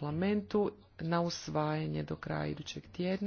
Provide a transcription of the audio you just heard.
parlamentu na usvajanje do kraja idućeg tjedna.